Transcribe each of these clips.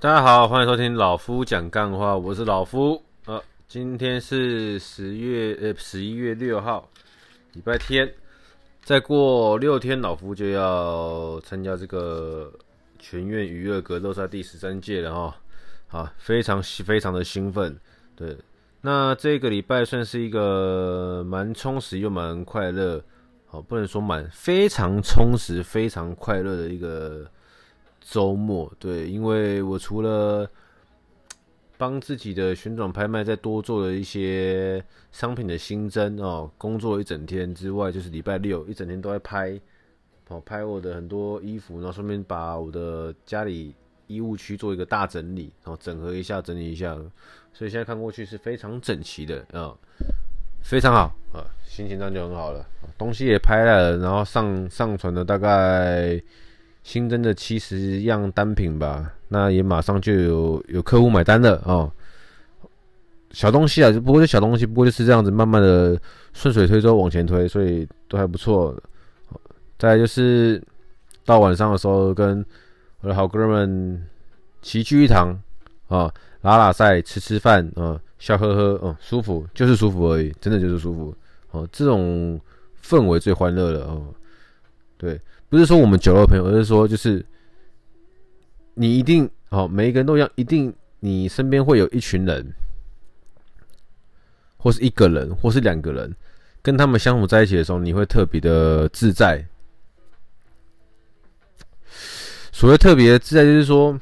大家好，歡迎收聽老夫講幹話，我是老夫啊。今天是十月呃十一月六號，禮拜天。再過六天，老夫就要參加這個全院娛樂格鬥賽第十三屆了哦。啊，非常非常的興奮。對，那這個禮拜算是一個蠻充實又蠻快樂，好，不能說蠻，非常充實非常快樂的一個。週末。對，因為我除了幫自己的旋轉拍賣再多做了一些商品的新增哦，工作一整天之外，就是禮拜六一整天都在拍，拍我的很多衣服，然後順便把我的家裡衣物區做一個大整理，然後整合一下整理一下，所以現在看過去是非常整齊的啊、嗯，非常好啊，心情上就很好了，東西也拍了，然後上上傳了大概。新增的七十樣單品吧，那也馬上就有有客戶買單了哦。小東西啊，不就不過這小東西，不過就是這樣子，慢慢的順水推舟往前推，所以都還不錯，哦。再就是到晚上的時候，跟我的好哥們齊聚一堂啊，哦，拉拉賽，吃吃飯啊，哦，笑呵呵，嗯，哦，舒服，就是舒服而已，真的就是舒服。哦，這種氛圍最歡樂了哦，對。不是說我們酒肉朋友，而是說，就是你一定好，每一個人都一樣，一定，你身邊會有一群人，或是一個人，或是兩個人，跟他們相處在一起的時候，你會特別的自在。所謂特別自在，就是說，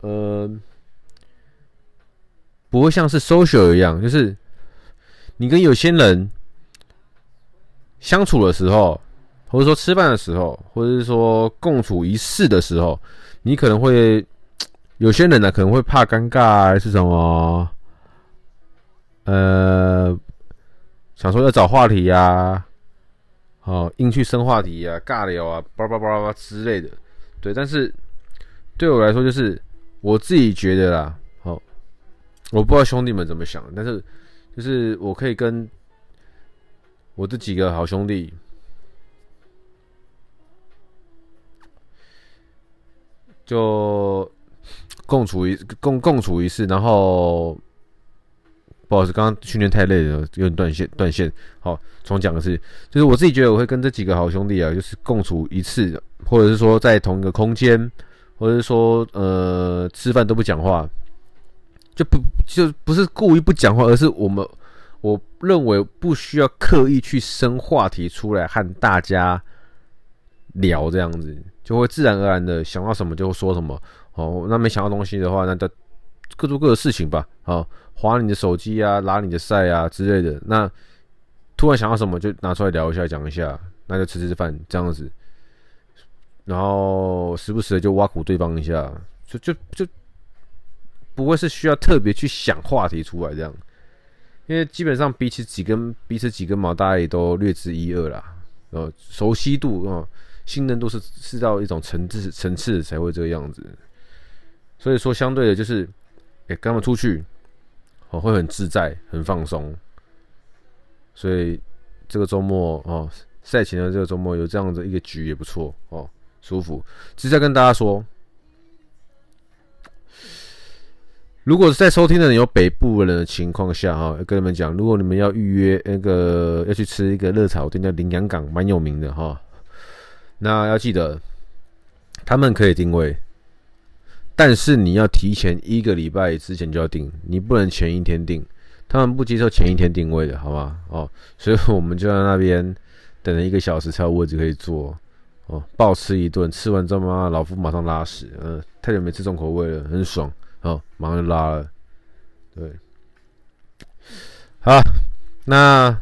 呃，不會像是 social 一樣，就是你跟有些人相處的時候。或者說吃飯的時候，或者是說共處一室的時候，你可能會，有些人呢，可能會怕尷尬還是什麼，呃，想說要找話題呀，哦，硬去生話題呀，尬聊啊，叭叭叭叭之類的，對。但是對我來說，就是我自己覺得啦，好，我不知道兄弟們怎麼想，但是就是我可以跟我這幾個好兄弟。就共處一共共處一室，然後不好意思，剛剛訓練太累了，有點斷線斷線。好，重講一次，就是我自己覺得我會跟這幾個好兄弟啊，就是共處一室，或者是說在同一個空間，或者是說呃吃飯都不講話，就不就不是故意不講話，而是我們我認為不需要刻意去生話題出來和大家聊這樣子。就會自然而然的想到什麼就說什麼，哦，那沒想到東西的話，那就各做各的事情吧。啊、哦，滑你的手機啊，拉你的賽啊之類的。那突然想到什麼就拿出來聊一下，講一下，那就吃吃飯這樣子，然後時不時的就挖苦對方一下，就就就不會是需要特別去想話題出來這樣，因為基本上彼此幾根彼此幾根毛，大家也都略知一二啦，然、哦、熟悉度啊。哦信任度，是是到一種層次層次才會這個樣子，所以說相對的就是，哎、欸，跟他們出去哦、喔、會很自在，很放鬆，所以這個週末哦、喔、賽前的這個週末有這樣的一個局也不錯哦、喔、舒服。其實在跟大家說，如果在收聽的人有北部人的情況下哈、喔，跟你們講，如果你們要預約那個要去吃一個熱炒店，叫林陽港，蠻有名的哈。喔那要記得，他們可以定位，但是你要提前一個禮拜之前就要定，你不能前一天定，他們不接受前一天定位的，好嗎？哦，所以我們就在那邊等了一個小時，才有位置可以坐。哦，暴吃一頓，吃完之後嘛，老夫馬上拉屎。嗯、呃，太久沒吃重口味了，很爽。哦，馬上就拉了。對，好，那。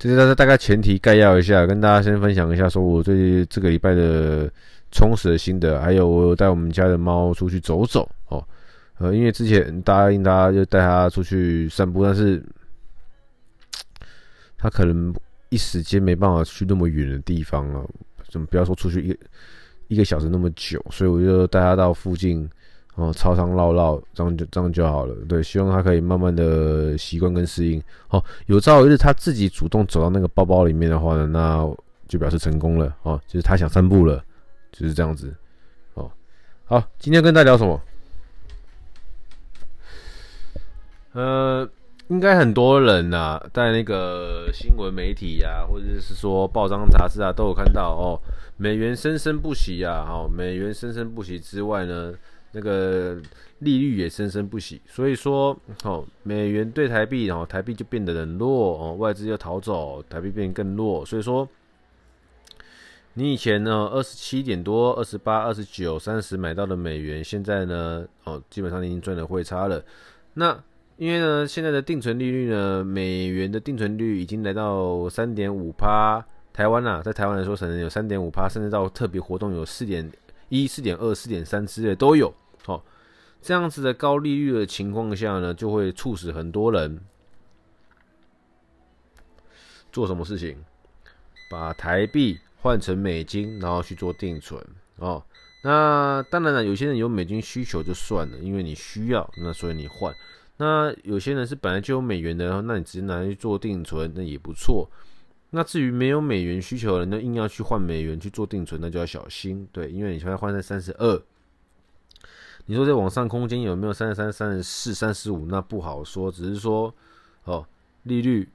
其實大概前提概要一下，跟大家先分享一下，說我最近這個禮拜的充實的心得，還有我帶我們家的貓出去走走哦。呃，因為之前答應大家就帶它出去散步，但是它可能一時間沒辦法去那麼遠的地方啊，怎麼不要說出去一個一個小時那麼久，所以我就帶它到附近。哦，吵吵鬧鬧，這樣就這樣就好了。對，希望他可以慢慢的習慣跟適應。哦，有朝一日他自己主動走到那個包包裡面的話呢，那就表示成功了。哦，就是他想散步了，就是這樣子。哦，好，今天跟大家聊什麼？呃，應該很多人吶、啊，在那個新聞媒體啊，或者是說報章雜誌啊，都有看到哦，美元生生不息啊。哦，美元生生不息之外呢？那個利率也生生不息，所以說，哦，美元兌台幣，然後台幣就變得很弱，哦，外資就逃走，台幣變得更弱。所以說，你以前呢，二十七點多，二十八、二十九、三十買到的美元，現在呢，哦，基本上已經賺了匯差了。那因為呢，現在的定存利率呢，美元的定存率已經來到三點五趴，台灣啊，在台灣來說，可能有三點五趴，甚至到特別活動有四點一、四點二、四點三之類都有。好，這樣子的高利率的情況下呢，就會促使很多人做什麼事情？把台幣換成美金，然後去做定存。哦，那當然了，有些人有美金需求就算了，因為你需要，那所以你換。那有些人是本來就有美元的，那你直接拿去做定存，那也不錯。那至於沒有美元需求的人，硬要去換美元去做定存，那就要小心。對，因為你現在換在三十二。你說在往上空間有沒有三十三、三十四、三十五？那不好說，只是說哦，利率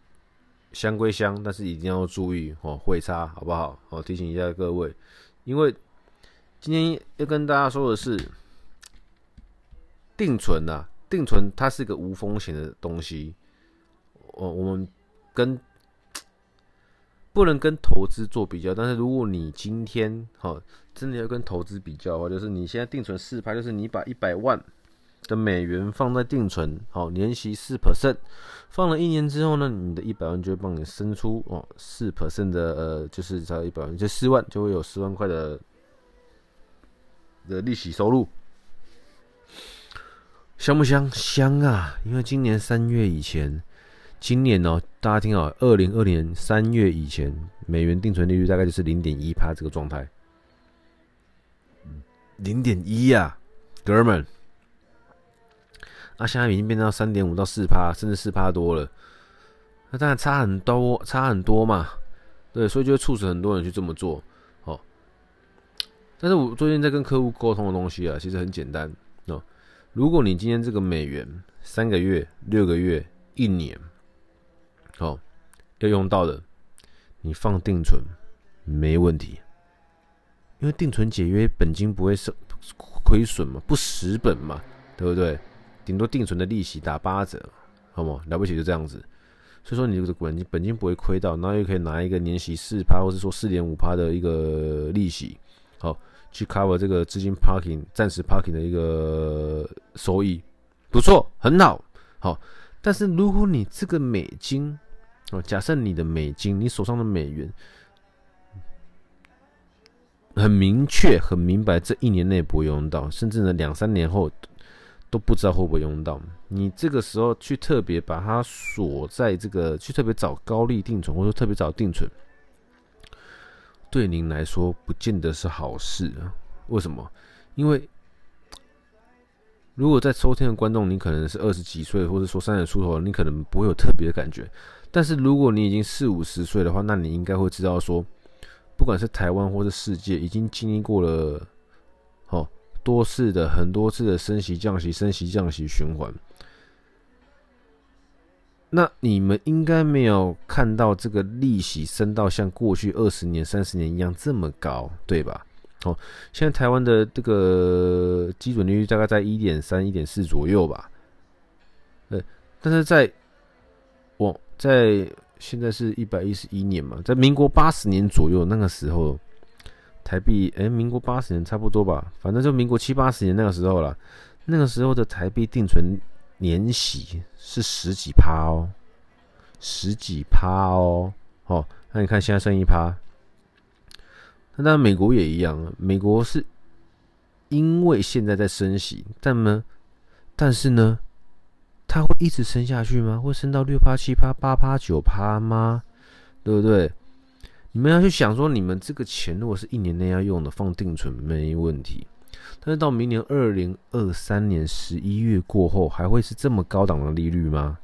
相歸相，但是一定要注意哦，匯差好不好？我提醒一下各位，因為今天要跟大家說的是定存啊。定存它是一個無風險的東西，我我們跟不能跟投資做比較，但是如果你今天哈。真的要跟投資比較的話，就是你現在定存四趴，就是你把一百萬的美元放在定存，好，年息四 percent，放了一年之後呢，你的一百萬就會幫你生出哦，四 percent 的呃，就是才一百萬，就四萬,萬，就會有四萬塊的的利息收入，香不香？香啊！因為今年三月以前，今年哦、喔，大家聽好，二零二零年三月以前，美元定存利率大概就是零點一趴這個狀態。零點一呀，哥們，那現在已經變到三點五到四趴，甚至四趴多了，那當然差很多，差很多嘛，對，所以就會促使很多人去這麼做，哦。但是我最近在跟客戶溝通的東西啊，其實很簡單哦，如果你今天這個美元三個月、六個月、一年，哦，要用到的，你放定存沒問題。因為定存解約本金不會是虧損嘛，不蝕本嘛，對不對？頂多定存的利息打八折，好嗎？了不起就這樣子。所以說你這個本金本金不會虧到，然後又可以拿一個年息四趴，或是說四點五趴的一個利息，好去 cover 這個資金 parking 暫時 parking 的一個收益，不錯，很好，好。但是如果你這個美金，哦，假設你的美金，你手上的美元。很明確、很明白，這一年內不會用到，甚至呢，兩三年後都不知道會不會用到。你這個時候去特別把它鎖在這個，去特別找高利定存，或者特別找定存，對您來說不見得是好事。為什麼？因為如果在收聽的觀眾，你可能是二十幾歲，或者說三十出頭，你可能不會有特別的感覺；但是如果你已經四五十歲的話，那你應該會知道說。不管是台灣或者世界，已經經歷過了、喔、多次的、很多次的升息、降息、升息、降息循環。那你們應該沒有看到這個利息升到像過去二十年、三十年一樣這麼高，對吧？哦、喔，現在台灣的這個基準利率大概在一點三、一點四左右吧。呃，但是在我、喔、在。現在是一百一十一年嘛，在民國八十年左右那個時候，台幣哎，民國八十年差不多吧，反正就民國七八十年那個時候啦。那個時候的台幣定存年息是十幾趴哦，喔、十幾趴哦，好、喔喔，那你看現在剩一趴。那當然美國也一樣，美國是因為現在在升息，但呢，但是呢。它會一直升下去嗎？會升到六趴七趴八趴九趴嗎？對不對？你們要去想說，你們這個錢如果是一年內要用的，放定存沒問題。但是到明年二零二三年十一月過後，還會是這麼高檔的利率嗎？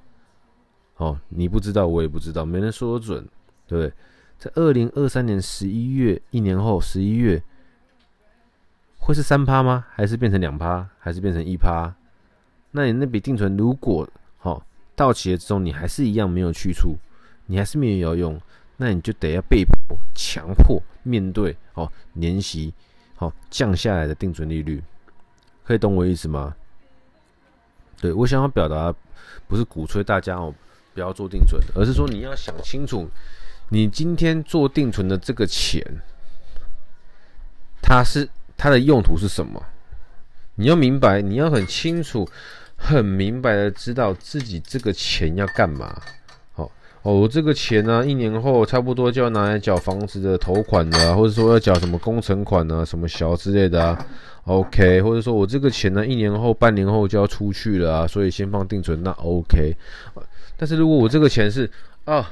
哦，你不知道，我也不知道，沒人說得準，對不對？在二零二三年十一月，一年後十一月，會是三趴嗎？還是變成兩趴？還是變成一趴？那你那筆定存如果好到期了之後，你還是一樣沒有去處，你還是沒有要用，那你就得要被迫、強迫面對哦，年息哦降下來的定存利率，可以懂我意思嗎？對，我想要表達，不是鼓吹大家哦不要做定存，而是說你要想清楚，你今天做定存的這個錢，它是它的用途是什麼？你要明白，你要很清楚。很明白的知道自己這個錢要幹嘛，哦哦，我這個錢呢、啊，一年後差不多就要拿來繳房子的頭款了啊，或者說要繳什麼工程款啊，什麼小之類的啊，OK，或者說我這個錢呢，一年後、半年後就要出去了啊，所以先放定存，那 OK。但是如果我這個錢是啊，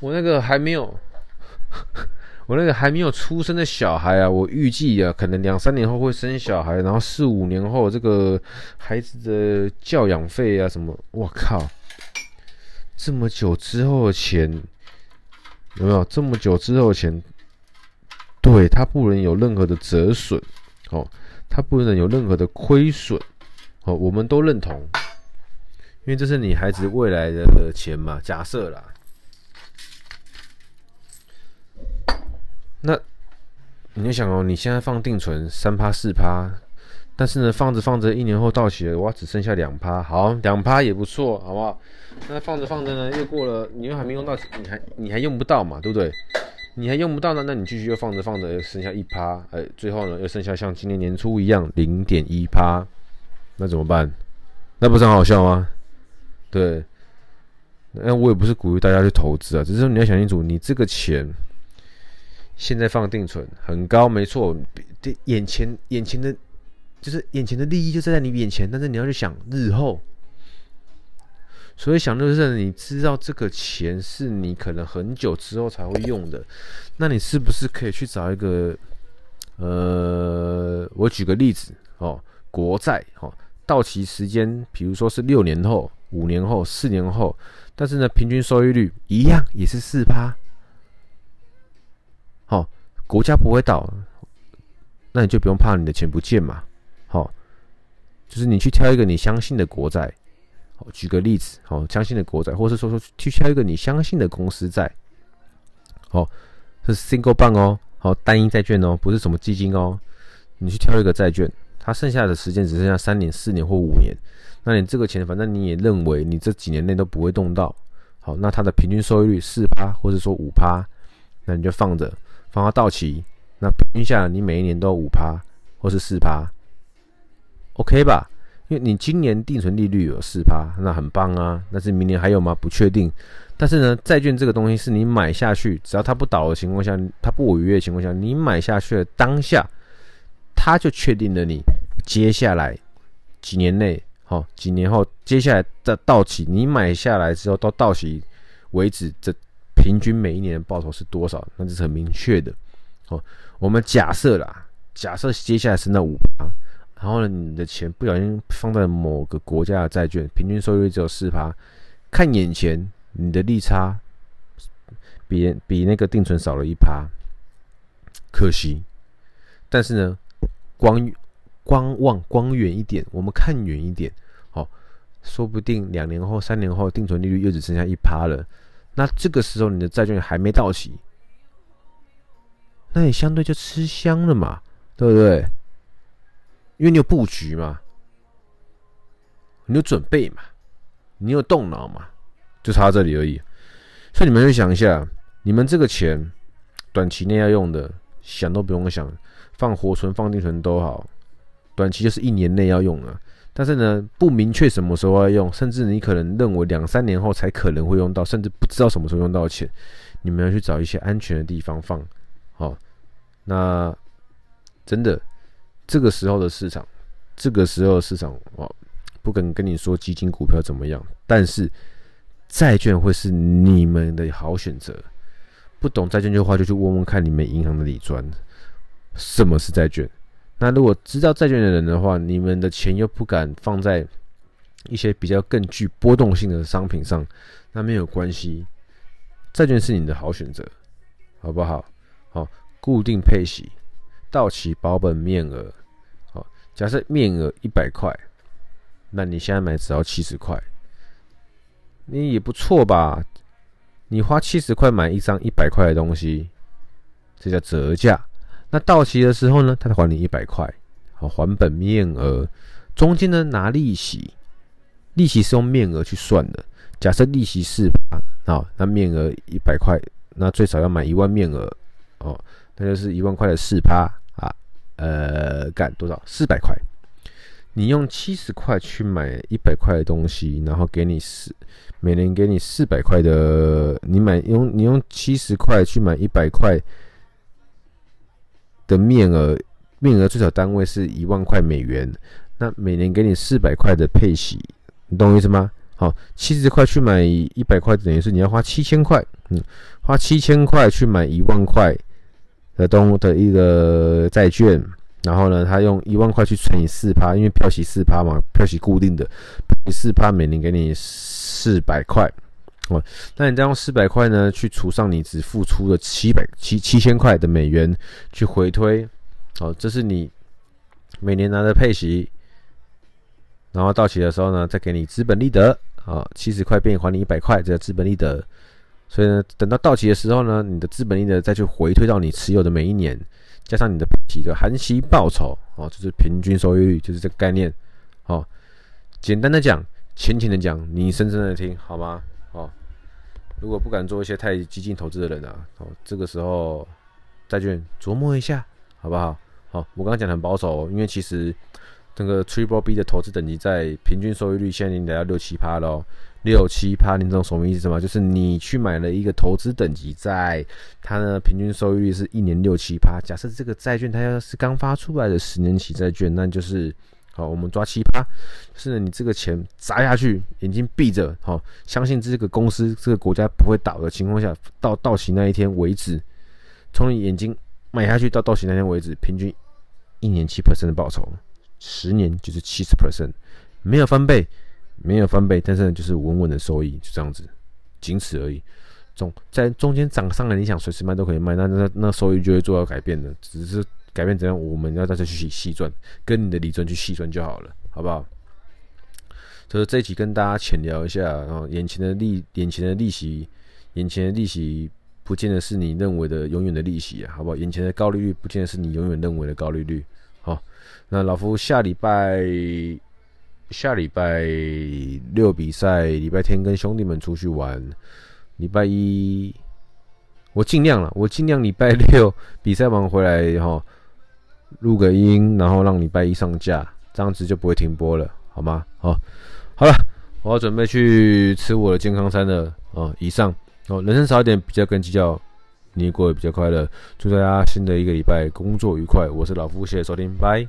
我那個還沒有。 我那個還沒有出生的小孩啊，我預計啊，可能兩三年後會生小孩，然後四五年後這個孩子的教養費啊什麼，我靠，這麼久之後的錢有沒有這麼久之後的錢？對，它不能有任何的折損，哦，它不能有任何的虧損，哦，我們都認同，因為這是你孩子未來的錢嘛，假設啦。那，你想哦，你現在放定存三趴四趴，但是呢，放着放着，一年後到期了，哇，只剩下兩趴，好，兩趴也不錯，好不好？那放着放着呢，又過了，你又還沒用到，你還你還用不到嘛，對不對？你還用不到呢，那你繼續又放着放着，又剩下一趴，哎、欸，最後呢，又剩下像今年年初一樣零點一趴，那怎麼辦？那不是很好笑嗎？對，那、欸、我也不是鼓勵大家去投資啊，只是說你要想清楚，你這個錢。現在放定存很高，沒錯，這眼前眼前的，就是眼前的利益就在你眼前，但是你要去想日後，所以想就是你知道這個錢是你可能很久之後才會用的，那你是不是可以去找一個？呃，我舉個例子哦，國債哦，到期時間比如說是六年後、五年後、四年後，但是呢，平均收益率一樣也是四趴。國家不會倒，那你就不用怕你的錢不見嘛。好，就是你去挑一個你相信的國債。好，舉個例子，好，相信的國債，或是說說去挑一個你相信的公司債。好，就是 single bank 哦，好，單一債券哦，不是什麼基金哦。你去挑一個債券，它剩下的時間只剩下三年、四年或五年。那你這個錢，反正你也認為你這幾年內都不會動到。好，那它的平均收益率四趴，或者說五趴，那你就放着。放它到期，那平均下來你每一年都有五趴或是四趴，OK 吧？因為你今年定存利率有四趴，那很棒啊。但是明年還有嗎？不確定。但是呢，債券這個東西是你買下去，只要它不倒的情況下，它不違約的情況下，你買下去的當下，它就確定了你接下來幾年內，好幾年後，接下來再到，到期，你買下來之後到到期為止這。平均每一年的報酬是多少？那這是很明確的。哦。我們假設啦，假設接下來是那五趴，然後呢，你的錢不小心放在某個國家的債券，平均收益率只有四趴。看眼前，你的利差比比那個定存少了一趴，可惜。但是呢，光光望光遠一點，我們看遠一點，哦。說不定兩年後、三年後，定存利率又只剩下一趴了。那這個時候你的債券還沒到期，那你相對就吃香了嘛，對不對？因為你有布局嘛，你有準備嘛，你有動腦嘛，就差這裡而已。所以你們去想一下，你們這個錢短期內要用的，想都不用想，放活存、放定存都好，短期就是一年內要用啊。但是呢，不明確什麼時候要用，甚至你可能認為兩三年後才可能會用到，甚至不知道什麼時候用到錢，你們要去找一些安全的地方放。好、哦，那真的這個時候的市場，這個時候的市場，我、哦、不敢跟你說基金、股票怎麼樣，但是債券會是你們的好選擇。不懂債券的話，就去問問看你們銀行的理專，什麼是債券？那如果知道債券的人的話，你們的錢又不敢放在一些比較更具波動性的商品上，那沒有關係，債券是你的好選擇，好不好？好，固定配息，到期保本面額，好，假設面額一百塊，那你現在買只要七十塊，你也不錯吧？你花七十塊買一張一百塊的東西，這叫折價。那到期的時候呢，他才還你一百塊，好，還本面額，中間呢，拿利息，利息是用面額去算的。假設利息四趴，好，那面額一百塊，那最少要買一萬面額，哦，那就是一萬塊的四趴啊，呃，幹多少？四百塊。你用七十塊去買一百塊的東西，然後給你四，每年給你四百塊的，你買用你用七十塊去買一百塊。的面額，面額最小單位是一萬塊美元，那每年給你四百塊的配息，你懂我意思嗎？好，七十塊去買一百塊，等於是你要花七千塊，嗯，花七千塊去買一萬塊的東的一個債券，然後呢，他用一萬塊去乘以四趴，因為票息四趴嘛，票息固定的，四趴每年給你四百塊。哦，那你再用四百塊呢去除上你只付出了七百七七千塊的美元去回推，哦，這是你每年拿的配息，然後到期的時候呢再給你資本利得，啊，七十塊變還你一百塊，這叫資本利得，所以呢，等到到期的時候呢，你的資本利得再去回推到你持有的每一年，加上你的配息的含息報酬，哦，就是平均收益率，就是這個概念，哦，簡單的講，淺淺的講，你深深的聽，好嗎？哦，如果不敢做一些太激進投資的人啊，哦，這個時候債券琢磨一下，好不好？好、哦，我剛剛講的很保守、哦，因為其實這個 Triple B 的投資等級債，平均收益率，現在已經達到六七趴嘍，六七趴，你懂什麼意思嗎？就是你去買了一個投資等級債，它的平均收益率是一年六七趴。假設這個債券它要是剛發出來的十年期債券，那就是。好，我們抓7%，是你這個錢砸下去，眼睛閉着，好、哦，相信這個公司、這個國家不會倒的情況下，到到期那一天為止，從你眼睛買下去到到期那一天為止，平均一年七 percent 的報酬，十年就是七十 percent，沒有翻倍，沒有翻倍，但是呢，就是穩穩的收益，就這樣子，僅此而已。中在中間漲上來，你想隨時賣都可以賣，那那那收益就會做到改變的，只是。改變怎樣？我們要再去細算，跟你的理專去細算就好了，好不好？所以這一期跟大家淺聊一下，眼前的利、眼前的利息、眼前的利息，不見得是你認為的永遠的利息啊，好不好？眼前的高利率，不見得是你永遠認為的高利率。好，那老夫下禮拜下禮拜六比賽，禮拜天跟兄弟們出去玩，禮拜一我盡量了，我盡量禮拜六比賽完回來哈。錄個音，然後讓禮拜一上架，這樣子就不會停播了，好嗎？好，好了，我要準備去吃我的健康餐了，嗯，以上哦，人生少一點比較跟計較，你過得比較快樂。祝大家新的一個禮拜工作愉快，我是老夫，謝謝收聽，拜。